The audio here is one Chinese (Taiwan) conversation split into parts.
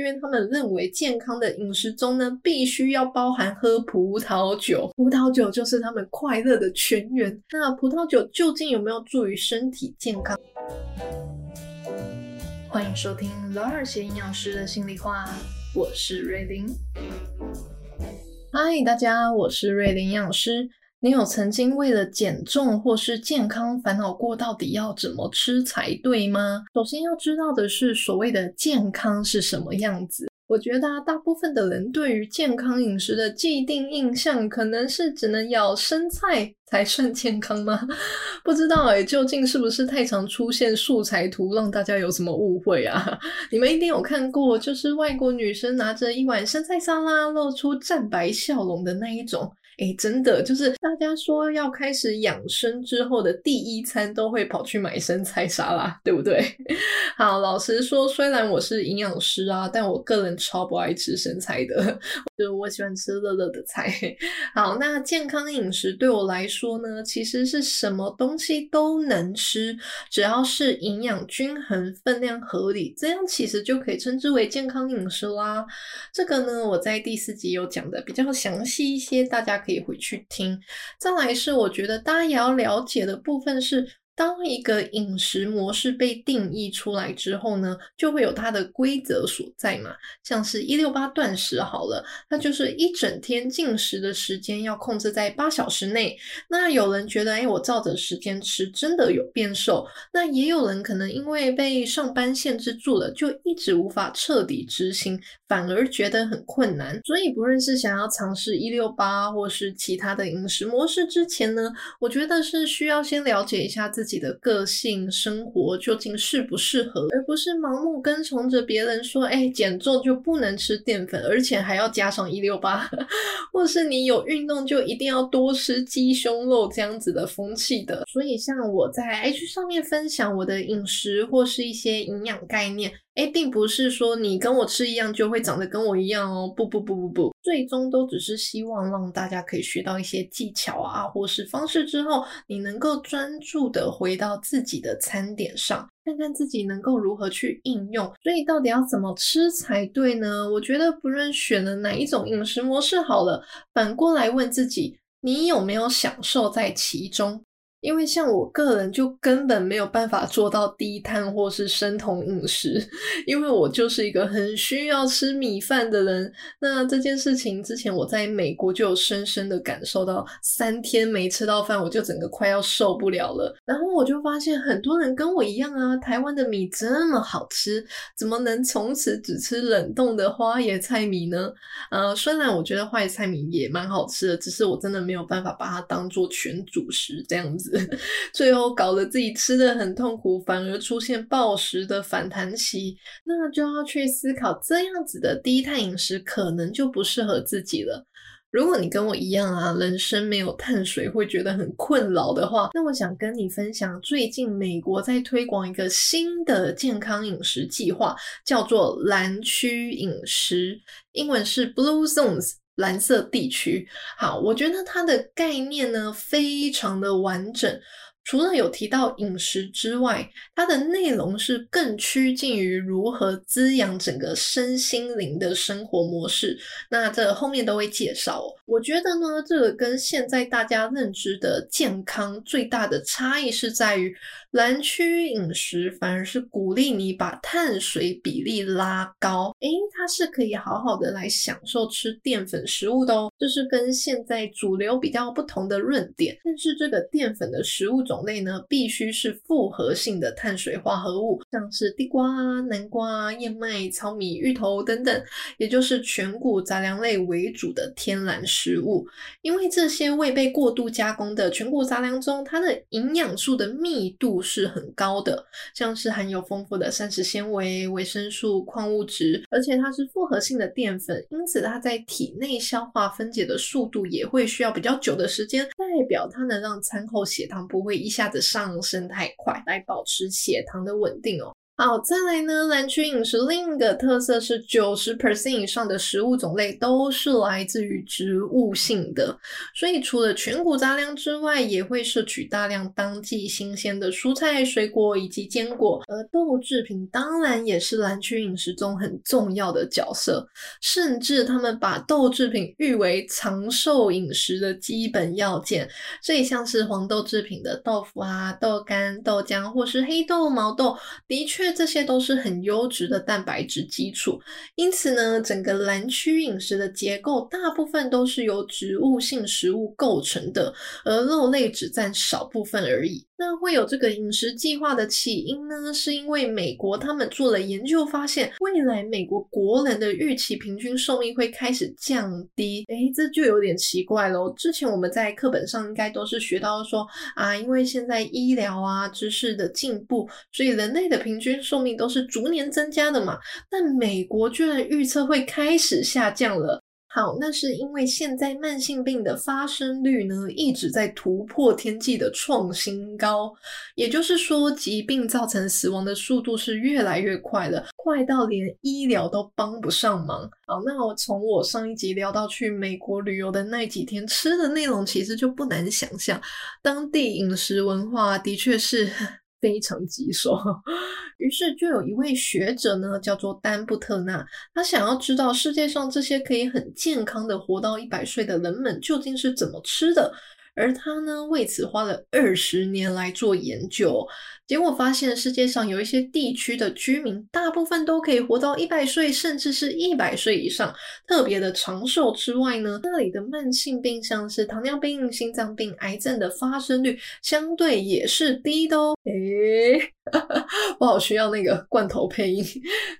因為他們認為健康的飲食中呢，必須要包含喝葡萄酒，葡萄酒就是他們快樂的泉源。那葡萄酒究竟有沒有助於身體健康？歡迎收聽 Lar 些營養師的心裡話，我是瑞琳。嗨，大家，我是瑞琳營養師。你有曾經為了減重或是健康煩惱過，到底要怎麼吃才對嗎？首先要知道的是，所謂的健康是什麼樣子。我覺得大部分的人對於健康飲食的既定印象，可能是只能咬生菜才算健康嗎？不知道，誒，欸，究竟是不是太常出現素材圖，讓大家有什麼誤會啊？你們一定有看過，就是外國女生拿着一碗生菜沙拉，露出湛白笑容的那一種。誒，真的就是大家說要開始養生之後的第一餐，都會跑去買生菜沙拉，對不對？好，老實說，雖然我是營養師啊，但我個人超不愛吃生菜的，就我喜歡吃熱熱的菜。好，那健康飲食對我來說呢，其實是什麼東西都能吃，只要是營養均衡、分量合理，這樣其實就可以稱之為健康飲食啦。這個呢，我在第四集有講的比較詳細一些，大家可以。可以回去聽。再來是，我覺得大家也要了解的部分是，當一個飲食模式被定義出來之後呢，就會有它的規則所在嘛。像是一六八斷食好了，那就是一整天進食的時間要控制在八小時內。那有人覺得，哎、欸，我照着時間吃，真的有變瘦。那也有人可能因為被上班限制住了，就一直無法徹底執行，反而覺得很困難。所以，不論是想要嘗試一六八或是其他的飲食模式之前呢，我覺得是需要先了解一下自己。自己的個性生活究竟適不適合，而不是盲目跟從着別人說，哎、欸，減重就不能吃澱粉，而且還要加上一六八，或是你有運動就一定要多吃雞胸肉這樣子的風氣的。所以，像我在 H 上面分享我的飲食或是一些營養概念。誒，並不是說你跟我吃一樣就會長得跟我一樣哦。不不不不不，最終都只是希望讓大家可以學到一些技巧啊，或是方式之後，你能夠專注的回到自己的餐點上，看看自己能夠如何去應用。所以到底要怎麼吃才對呢？我覺得不論選了哪一種飲食模式好了，反過來問自己，你有沒有享受在其中？因為像我個人就根本沒有辦法做到低碳或是生酮飲食，因為我就是一個很需要吃米飯的人。那這件事情之前我在美國就有深深的感受到，三天沒吃到飯，我就整個快要受不了了。然後我就發現很多人跟我一樣啊，台灣的米這麼好吃，怎麼能從此只吃冷凍的花椰菜米呢？呃，雖然我覺得花椰菜米也蠻好吃的，只是我真的沒有辦法把它當做全主食這樣子。 最後搞得自己吃的很痛苦，反而出現暴食的反彈期，那就要去思考這樣子的低碳飲食可能就不適合自己了。如果你跟我一樣啊，人生沒有碳水會覺得很困擾的話，那我想跟你分享，最近美國在推廣一個新的健康飲食計劃，叫做藍區飲食，英文是 Blue Zones。藍色地區，好，我覺得它的概念呢，非常的完整。除了有提到飲食之外，它的內容是更趨近於如何滋養整個身心靈的生活模式。那這後面都會介紹哦。我覺得呢，這個跟現在大家認知的健康最大的差異是在於，藍區飲食反而是鼓勵你把碳水比例拉高。誒，它是可以好好的來享受吃澱粉食物的哦，這是跟現在主流比較不同的論點。但是這個澱粉的食物，種類呢，必須是複合性的碳水化合物，像是地瓜、南瓜、燕麥、糙米、芋頭等等，也就是全谷雜糧類為主的天然食物。因為這些未被過度加工的全谷雜糧中，它的營養素的密度是很高的，像是含有豐富的膳食纖維、維生素、礦物質，而且它是複合性的澱粉，因此它在體內消化分解的速度也會需要比較久的時間，代表它能讓餐後血糖不會。一下子上升太快，來保持血糖的穩定哦。好，再來呢，藍區飲食另一個特色是90%以上的食物種類都是來自於植物性的，所以除了全穀雜糧之外，也會攝取大量當季新鮮的蔬菜、水果以及堅果，而豆制品當然也是藍區飲食中很重要的角色，甚至他們把豆制品譽為長壽飲食的基本要件，所以像是黃豆制品的豆腐啊、豆干、豆漿或是黑豆、毛豆，的確。這些都是很優質的蛋白質基礎，因此呢，整個藍區飲食的結構大部分都是由植物性食物構成的，而肉類只佔少部分而已。那會有這個飲食計劃的起因呢？是因為美國他們做了研究，發現未來美國國人的預期平均壽命會開始降低。誒，這就有點奇怪咯。之前我們在課本上應該都是學到說啊，因為現在醫療啊、知識的進步，所以人類的平均壽命都是逐年增加的嘛。但美國居然預測會開始下降了。好，那是因為現在慢性病的發生率呢，一直在突破天際的創新高，也就是說，疾病造成死亡的速度是越來越快的，快到連醫療都幫不上忙。好，那我從我上一集聊到去美國旅遊的那幾天吃的內容，其實就不難想象，當地飲食文化的確是。非常棘手，於是就有一位學者呢，叫做丹布特納，他想要知道世界上這些可以很健康的活到一百歲的人們究竟是怎麼吃的，而他呢，為此花了二十年來做研究。結果發現，世界上有一些地區的居民，大部分都可以活到一百歲，甚至是一百歲以上。特別的長壽之外呢，那裡的慢性病，像是糖尿病、心臟病、癌症的發生率，相對也是低的哦。欸、哈哈，我好需要那個罐頭配音。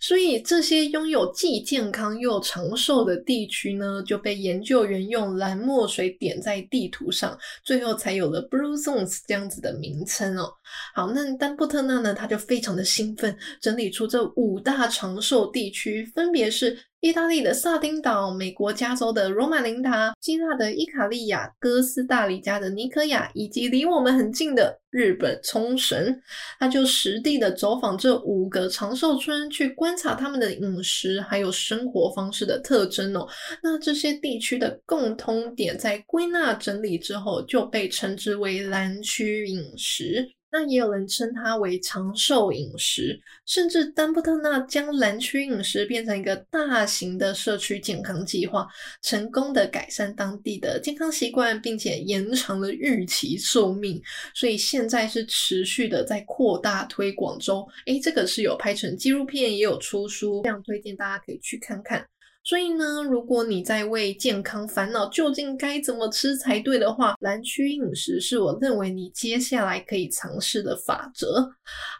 所以這些擁有既健康又長壽的地區呢，就被研究員用藍墨水點在地圖上，最後才有了 Blue Zones 這樣子的名稱哦。好，那。但布特納呢，他就非常的興奮，整理出這五大長壽地區，分別是意大利的撒丁島、美國加州的羅馬琳達、希臘的伊卡利亞、哥斯大黎加的尼科亞，以及離我們很近的日本沖繩。他就實地的走訪這五個長壽村，去觀察他們的飲食還有生活方式的特徵哦。那這些地區的共通點，在歸納整理之後，就被稱之為藍區飲食。那也有人稱它為長壽飲食，甚至丹布特納將藍區飲食變成一個大型的社區健康計劃，成功的改善當地的健康習慣，並且延長了預期壽命。所以現在是持續的在擴大推廣中。誒、欸、這個是有拍成紀錄片，也有出書，這樣推薦大家可以去看看。所以呢，如果你在為健康煩惱，究竟該怎麼吃才對的話，藍區飲食是我認為你接下來可以嘗試的法則。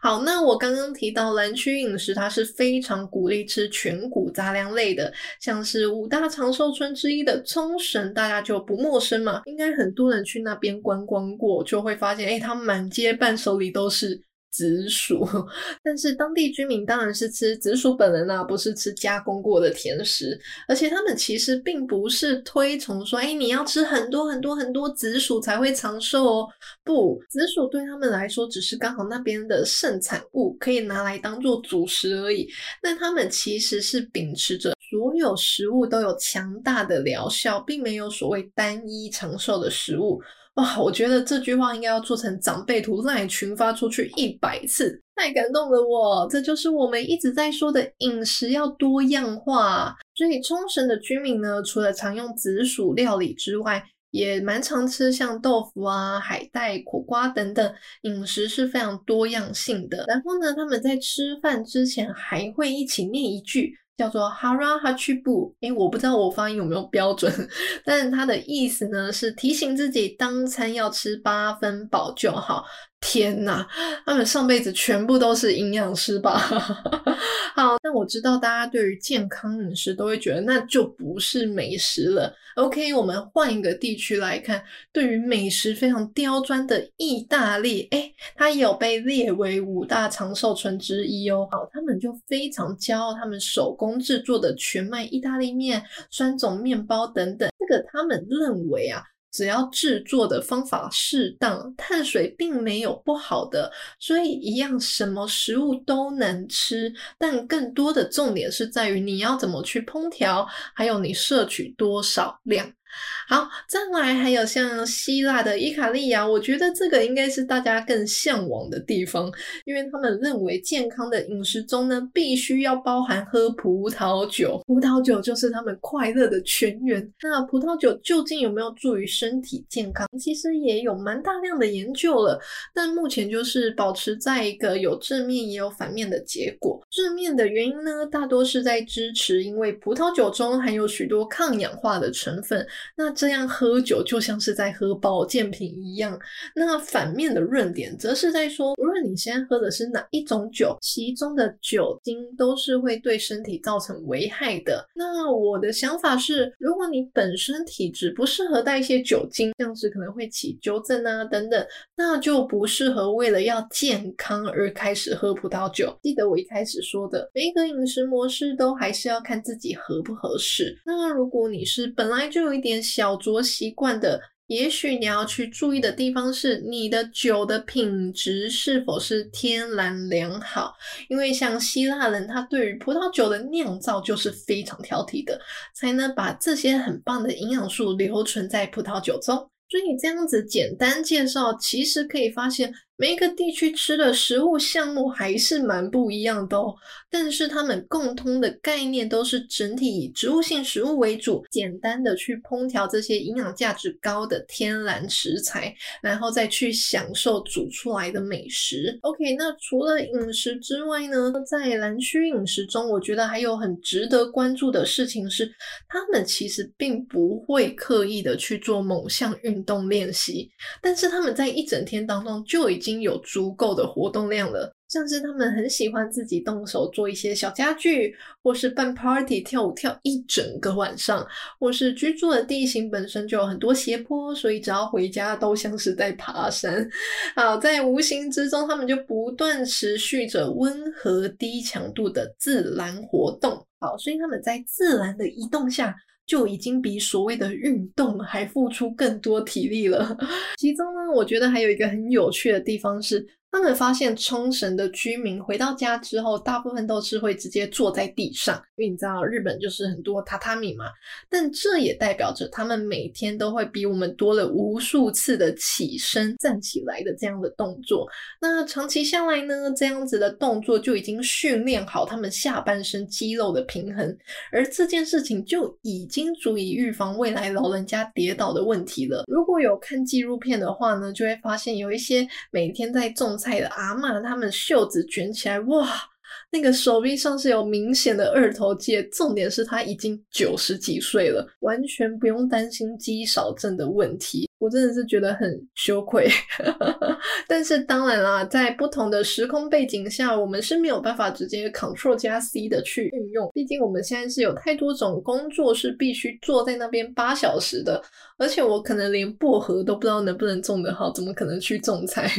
好，那我剛剛提到藍區飲食，它是非常鼓勵吃全穀雜糧類的，像是五大長壽村之一的沖繩，大家就不陌生嘛，應該很多人去那邊觀光過，就會發現，哎、欸，它滿街伴手禮都是。紫薯，但是當地居民當然是吃紫薯本人啊，不是吃加工過的甜食。而且他們其實並不是推崇說，哎、欸，你要吃很多很多很多紫薯才會長壽哦。不，紫薯對他們來說只是剛好那邊的盛產物，可以拿來當做主食而已。但他們其實是秉持着所有食物都有強大的療效，並沒有所謂單一長壽的食物。哇，我覺得這句話應該要做成長輩圖，讓你群發出去一百次，太感動了我！這就是我們一直在說的飲食要多樣化。所以沖繩的居民呢，除了常用紫薯料理之外，也蠻常吃像豆腐啊、海帶、苦瓜等等，飲食是非常多樣性的。然後呢，他們在吃飯之前還會一起念一句。叫做哈拉哈屈布，因為我不知道我發音有沒有標準，但是它的意思呢，是提醒自己，當餐要吃八分飽就好。天吶，他們上輩子全部都是營養師吧？ 好，那我知道大家對於健康飲食都會覺得那就不是美食了。OK，我們換一個地區來看，對於美食非常刁鑽的意大利，哎、欸，它也有被列為五大長壽村之一哦。好，他們就非常驕傲他們手工制作的全麥意大利麵、酸種麵包等等，這個他們認為啊。只要製作的方法適當，碳水並沒有不好的，所以一樣什麼食物都能吃，但更多的重點是在於你要怎麼去烹調，還有你攝取多少量。好，再來還有像希臘的伊卡利亞，我覺得這個應該是大家更向往的地方，因為他們認為健康的飲食中呢，必須要包含喝葡萄酒，葡萄酒就是他們快樂的泉源。那葡萄酒究竟有沒有助於身體健康？其實也有蠻大量的研究了，但目前就是保持在一個有正面也有反面的結果。正面的原因呢，大多是在支持，因為葡萄酒中含有許多抗氧化的成分。那這樣喝酒就像是在喝保健品一樣。那反面的論點則是在說，無論你現在喝的是哪一種酒，其中的酒精都是會對身體造成危害的。那我的想法是，如果你本身體質不適合帶一些酒精，這樣子可能會起酒疹啊，等等，那就不適合為了要健康而開始喝葡萄酒。記得我一開始說的，每一個飲食模式都還是要看自己合不合適。那如果你是本來就有一點。小酌習慣的，也許你要去注意的地方是你的酒的品質是否是天然良好，因為像希臘人，他對於葡萄酒的釀造就是非常挑剔的，才能把這些很棒的營養素留存在葡萄酒中。所以你這樣子簡單介紹，其實可以發現。每一個地區吃的食物項目還是蠻不一樣的哦，但是他們共通的概念都是整體以植物性食物為主，簡單的去烹調這些營養價值高的天然食材，然後再去享受煮出來的美食。OK，那除了飲食之外呢，在藍區飲食中，我覺得還有很值得關注的事情是，他們其實並不會刻意的去做某項運動練習，但是他們在一整天當中就已經。已經有足夠的活動量了，像是他們很喜歡自己動手做一些小家具，或是辦 party 跳舞跳一整個晚上，或是居住的地形本身就有很多斜坡，所以只要回家都像是在爬山。好，在無形之中，他們就不斷持續着溫和低強度的自然活動。好，所以他們在自然的移動下。就已經比所謂的運動還付出更多體力了。其中呢，我覺得還有一個很有趣的地方是。他們發現沖繩的居民回到家之後，大部分都是會直接坐在地上，因為你知道日本就是很多榻榻米嘛。但這也代表着他們每天都會比我們多了無數次的起身站起來的這樣的動作。那長期下來呢，這樣子的動作就已經訓練好他們下半身肌肉的平衡，而這件事情就已經足以預防未來老人家跌倒的問題了。如果有看紀錄片的話呢，就會發現有一些每天在種。在阿媽的他們袖子卷起來，哇，那個手臂上是有明顯的二頭肌。重點是，他已經九十幾歲了，完全不用擔心肌少症的問題。我真的是覺得很羞愧， 但是當然啦，在不同的時空背景下，我們是沒有辦法直接 Ctrl 加 C 的去運用，畢竟我們現在是有太多種工作是必須坐在那邊八小時的，而且我可能連薄荷都不知道能不能種得好，怎麼可能去種菜？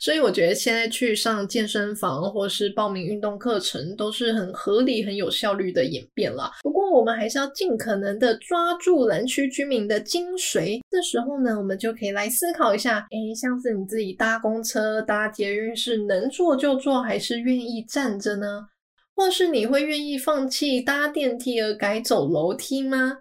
所以我覺得現在去上健身房或是報名運動課程都是很合理、很有效率的演變啦。不過我們還是要盡可能的抓住藍區居民的精髓，這時候呢。那我們就可以來思考一下，誒、欸，像是你自己搭公車、搭捷運是能坐就坐，還是願意站着呢？或是你會願意放棄搭電梯而改走樓梯嗎？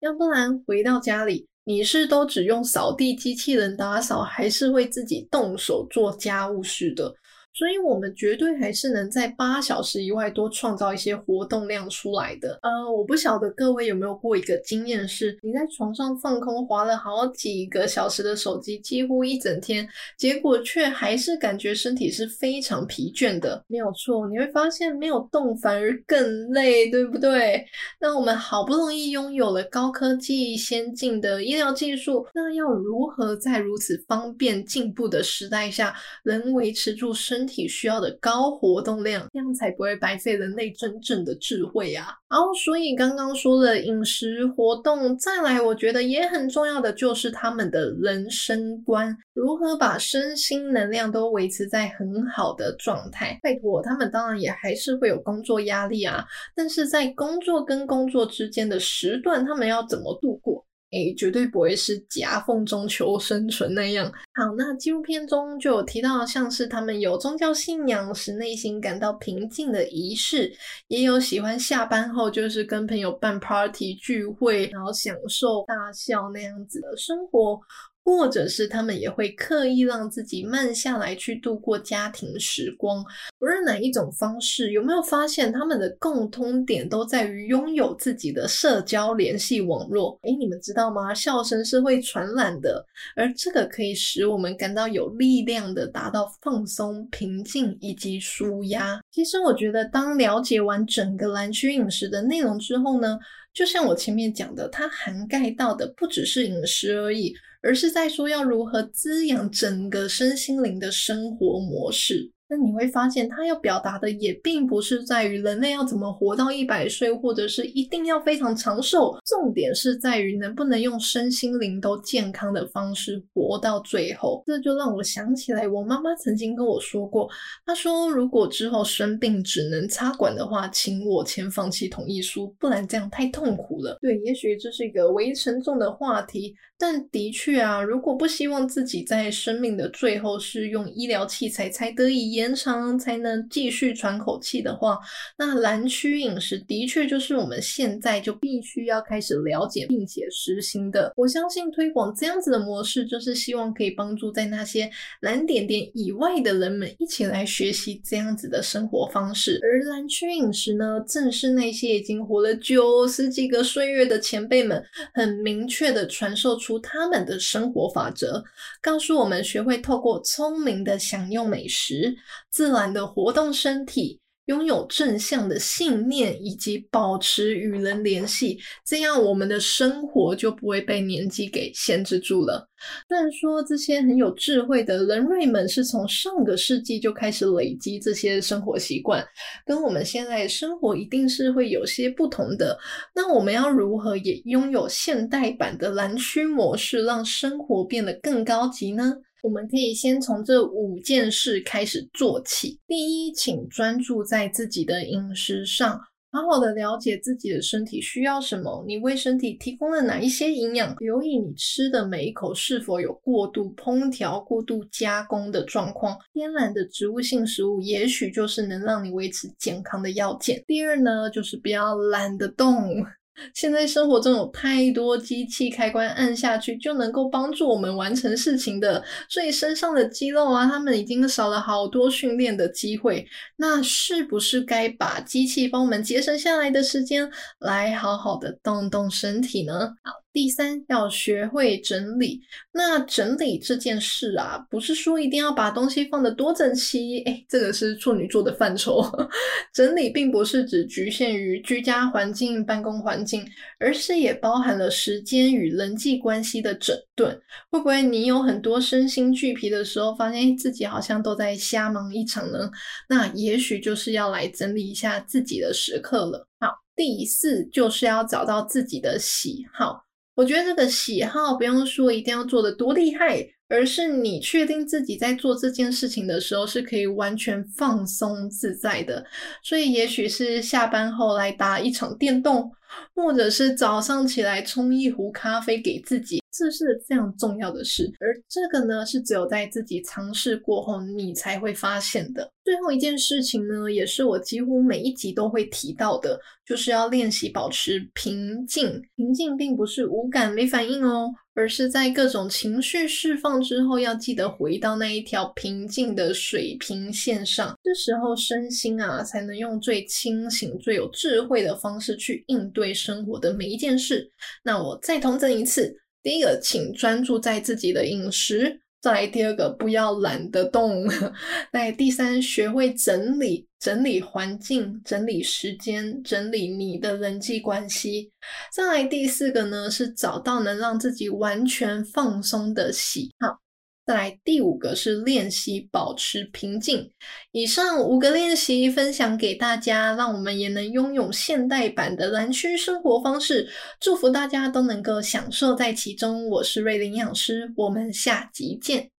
要不然回到家裡，你是都只用掃地機器人打掃，還是會自己動手做家務事的？所以，我們絕對還是能在八小時以外多創造一些活動量出來的。呃，uh，我不曉得各位有沒有過一個經驗，是你在床上放空滑了好幾個小時的手機，幾乎一整天，結果卻還是感覺身體是非常疲倦的。沒有錯，你會發現沒有動反而更累，對不對？那我們好不容易擁有了高科技先進的醫療技術，那要如何在如此方便進步的時代下，能維持住身身體需要的高活動量，這樣才不會白費人類真正的智慧呀、啊。然後，所以剛剛說的飲食、活動，再來，我覺得也很重要的就是他們的人生觀，如何把身心能量都維持在很好的狀態。拜託，他們當然也還是會有工作壓力啊，但是在工作跟工作之間的時段，他們要怎麼度過？哎、欸，絕對不會是夾縫中求生存那樣。好，那紀錄片中就有提到，像是他們有宗教信仰使內心感到平靜的儀式，也有喜歡下班後就是跟朋友辦 party 聚會，然後享受大笑那樣子的生活。或者是他們也會刻意讓自己慢下來去度過家庭時光，不論哪一種方式，有沒有發現他們的共通點都在於擁有自己的社交聯繫網絡？誒、欸、你們知道嗎？笑聲是會傳染的，而這個可以使我們感到有力量的，達到放鬆、平靜以及舒壓。其實我覺得，當了解完整個藍區飲食的內容之後呢，就像我前面講的，它涵蓋到的不只是飲食而已。而是在說要如何滋養整個身心靈的生活模式。那你會發現，他要表達的也並不是在於人類要怎麼活到一百歲，或者是一定要非常長壽。重點是在於能不能用身心靈都健康的方式活到最後。這就讓我想起來，我媽媽曾經跟我說過，她說如果之後生病只能插管的話，請我簽放棄同意書，不然這樣太痛苦了。對，也許這是一個唯一沉重的話題，但的確啊，如果不希望自己在生命的最後是用醫療器材才得以延。延長才能繼續喘口氣的話，那藍區飲食的確就是我們現在就必須要開始了解並且實行的。我相信推廣這樣子的模式，就是希望可以幫助在那些藍點點以外的人們一起來學習這樣子的生活方式。而藍區飲食呢，正是那些已經活了九十幾個歲月的前輩們很明確地傳授出他們的生活法則，告訴我們學會透過聰明的享用美食。自然的活動身體，擁有正向的信念，以及保持與人聯繫，這樣我們的生活就不會被年紀給限制住了。但說這些很有智慧的人瑞們是從上個世紀就開始累積這些生活習慣，跟我們現在生活一定是會有些不同的。那我們要如何也擁有現代版的藍區模式，讓生活變得更高級呢？我們可以先從這五件事開始做起。第一，請專注在自己的飲食上，好好的了解自己的身體需要什麼，你為身體提供了哪一些營養，留意你吃的每一口是否有過度烹調、過度加工的狀況。天然的植物性食物也許就是能讓你維持健康的要件。第二呢，就是不要懶得動。現在生活中有太多機器，開關按下去就能夠幫助我們完成事情的，所以身上的肌肉啊，他們已經少了好多訓練的機會。那是不是該把機器幫我們節省下來的時間，來好好的動動身體呢？第三，要學會整理。那整理這件事啊，不是說一定要把東西放得多整齊。哎，這個是處女座的範疇。 整理並不是只局限於居家環境、辦公環境，而是也包含了時間與人際關係的整頓。會不會你有很多身心俱疲的時候，發現自己好像都在瞎忙一場呢？那也許就是要來整理一下自己的時刻了。好，第四，就是要找到自己的喜好。我覺得這個喜好不用說一定要做的多厲害，而是你確定自己在做這件事情的時候是可以完全放鬆自在的。所以也許是下班後來打一場電動，或者是早上起來沖一壺咖啡給自己。這是非常重要的事，而這個呢，是只有在自己嘗試過後，你才會發現的。最後一件事情呢，也是我幾乎每一集都會提到的，就是要練習保持平靜。平靜並不是無感沒反應哦，而是在各種情緒釋放之後，要記得回到那一條平靜的水平線上。這時候身心啊，才能用最清醒、最有智慧的方式去應對生活的每一件事。那我再重申一次。第一個，請專注在自己的飲食；再來第二個，不要懶得動；再來第三，學會整理，整理環境，整理時間，整理你的人際關係；再來第四個呢，是找到能讓自己完全放鬆的喜好。再來第五個是練習保持平靜。以上五個練習分享給大家，讓我們也能擁有現代版的藍區生活方式。祝福大家都能夠享受在其中。我是瑞林營養師，我們下集見。